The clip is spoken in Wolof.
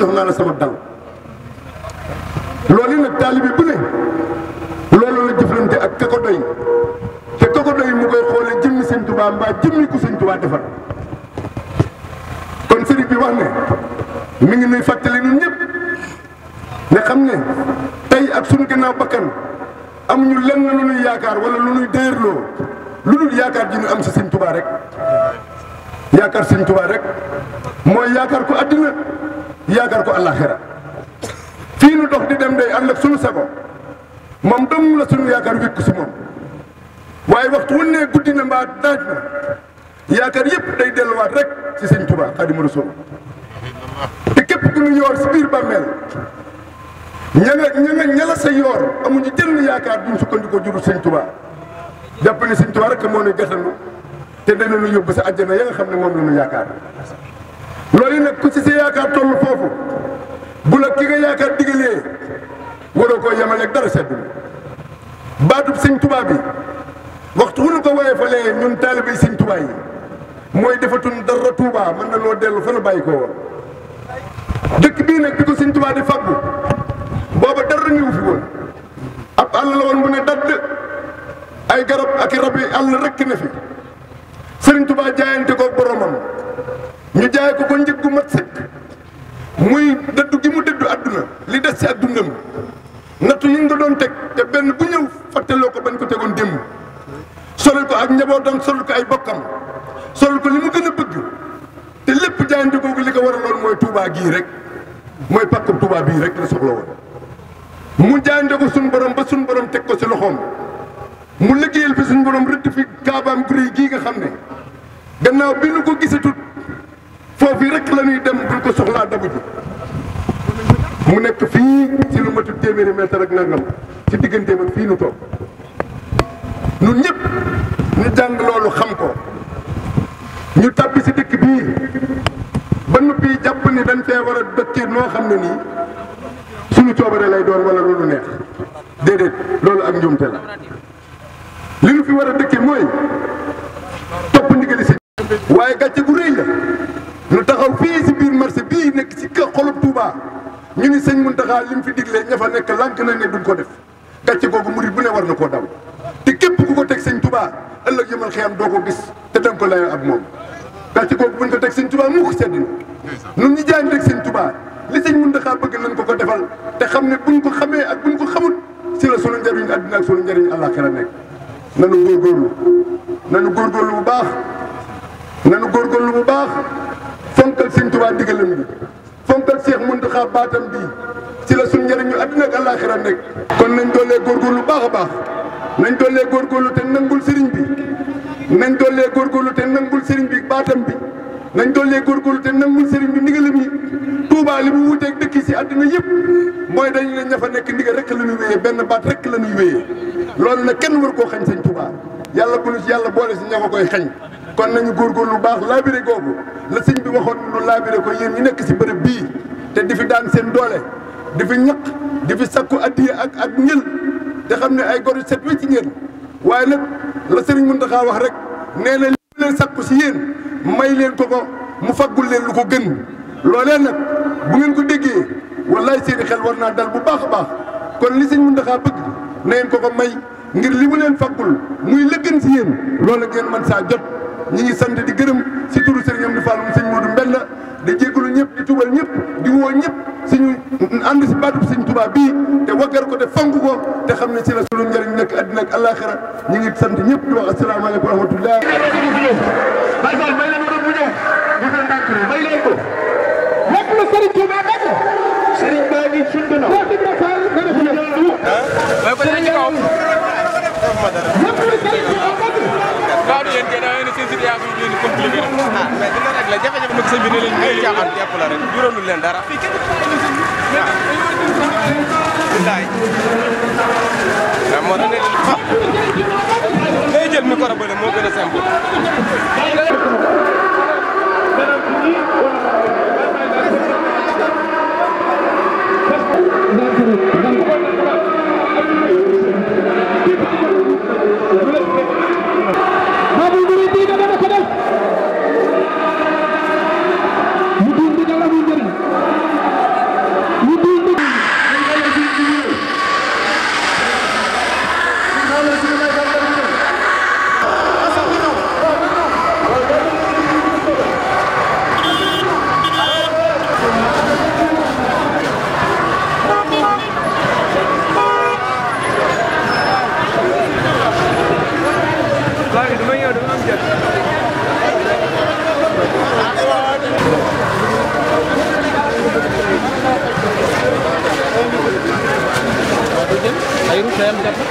jox naa la sama dal loolu nag taalibi bu ne loolu la jëflante ak ka ko doy te ka ko doy mu koy xoolee jëmmi sëñ tubaa mbaa jëmmi ku tubaa defar kon sëriñ bi wax ne mi ngi nuy fàttali ñun ñëpp ne xam ne tey ak suñu gannaaw bakkan am ñu lenn lu nuy yaakaar wala lu nuy déerloo lu dul yaakaar ji ñu am si sëñ tubaa rek yaakaar sëñ tubaa rek mooy yaakaar ko àddina yaakaar ko àllaaxira fii nu dox di dem day ànd ak suñu sago moom dong la suñu yaakaar wékk si moom waaye waxtu wu ne guddi na mbaa naaj na yaakaar yëpp day delluwaat rek ci sëñ Tuubaa Xaadimu Rasuul te képp ku ñu yoor si biir bàmmeel ña nga ña nga amuñu jënn yaakaar duñ sukkandikoo jurul sëñ Tuubaa jàpp ne sëñ Tuubaa rek moo nuy gàttandu te dana nu yóbbu sa àjjana ya nga xam ne moom la ñu yaakaar loolu yi nag ku ci sa yaakaar toll foofu bu la ki nga yaakaar digalee waroo koo yemaleeg dara sedd baatub sëñ Tuubaa bi waxtu wu ko woyee falee ñun taalibe sëñ Tuubaa yi mooy defatun dara Tuubaa mën na noo dellu fa nu bàyyi koo woon dëkk bii nag bi ko sëñ Tuubaa di fàggu booba dara ñëw fi woon ab àll la woon bu ne dadd ay garab ak rab yi àll rekk na fi sëriñ Tuubaa jaayante ko boromam ñu jaay ko ko njëg gu mat sëkk muy dëddu gi mu dëddu àdduna li des ci ak dundam nattu yi nga doon teg te benn bu ñëw fàttaloo ko bañ ko tegoon démb solul ko ak njabootam solul ko ay bokkam solul ko li mu gën a bëgg te lépp jaayante googu li ko war waraloon mooy tuubaa gii rek mooy pàkku Touba bii rek la soxla mu jaayante ko suñu borom ba suñu borom teg ko ci loxoom mu liggéeyal fi suñu borom rëdd fi kaabaam guré gii nga xam ne gannaaw bi nu ko gisatut foofu rek la dem buñ ko soxlaa dabu mu nekk fii ci lu matu téeméeri mètre ak nangam ci diggante ak fii nu toog nu ñëpp ñu jàng loolu xam ko ñu tàbbi si dëkk bii ba noppi jàpp ni dañ fee war a dëkkee noo xam ne nii suñu coobare lay doon wala loolu neex déedéet loolu ak njuumte la li ñu fi war a dëkkee mooy topp ndigali si waaye gàcce gu rëy la ñu taxaw fii si biir marché bii nekk si kër xolub Touba ñu ni sëñ Mountakha li mu fi diglee ña fa nekk lànk na ne duñ ko def gàcce googu murit bu ne war na koo daw te képp ku ko teg sëñ Touba ëllëg yëmal xiyam doo ko gis te danga ko layoo ak moom gàcce googu buñ ko teg sëñ Touba mu ko sedd na ñun ñu jaay teg sëñ Touba li sëñ Mountakha bëgg nañ ko ko defal te xam ne buñ ko xamee ak buñ ko xamut si la sunu njëriñ àddina ak sunu njëriñ àllaaxira nekk nanu góorgóorlu nanu góorgóorlu bu baax nanu góorgóorlu bu baax fonkal sëñ Tuubaa digalam bi fonkal Cheikh Mountakha baatam bi si la suñ njëriñu àddina ak àllaaxira nekk kon nañ doolee góorgóorlu baax a baax nañ doolee góorgóorlu te nangul sëriñ bi nañ doolee góorgóorlu te nangul sëriñ bi baatam bi nañ doolee góorgóorlu te nangul sëriñ bi ndigalam yi Touba li mu wuteeg dëkk yi si àddina yëpp mooy dañ ne ña fa nekk ndigal rek la ñuy benn baat rekk la ñuy wéyee loolu na kenn war koo xañ sëñ Touba yàlla bu si yàlla boole si ña ko koy xañ kon nañu góorgóorlu lu baax laabire googu la sëñ bi waxoon lu laabire ko yéen ñi nekk si bërëb bii te di fi daan seen doole di fi ñaq di fi sakku addiya ak ak njël te xam ne ay gor yu set wecc ngeen waaye nag la sëriñ Mountakha wax rek nee na li leen sakku si yéen may leen ko ko mu faggul leen lu ko gën loolee nag bu ngeen ko déggee wallaay seeni xel war naa dal bu baax a baax kon li sëñ Mountakha bëgg na ngeen ko ko may ngir li mu leen faggul muy lëggën si yéen loolu ngeen mën saa jot ñi ngi sant di gërëm si turu sëriñ Amdi Fall mu sëñ Moodu Mbend di jéggalu ñëpp di tubal ñëpp di woo ñëpp suñu ànd si baatub sëñ Tuubaa bii te waggar ko te fank ko te xam ne si la sunu njëriñ nekk àddina ak àllaaxira ñi ngi sant ñëpp di wax asalaamaaleykum wa rahmatullah Serigne Touba nag Serigne Ba ngi sund na waaw yéen kay da ngeen seen situation bi ngeen di compliqué rek. ah mais dina rek la jafe-jafe nag sëñ bi ne leen ay caaxaan jàpp la rek juróolu leen dara. fii kenn moo tax ne ngay jël micro bële moo gën a Sèye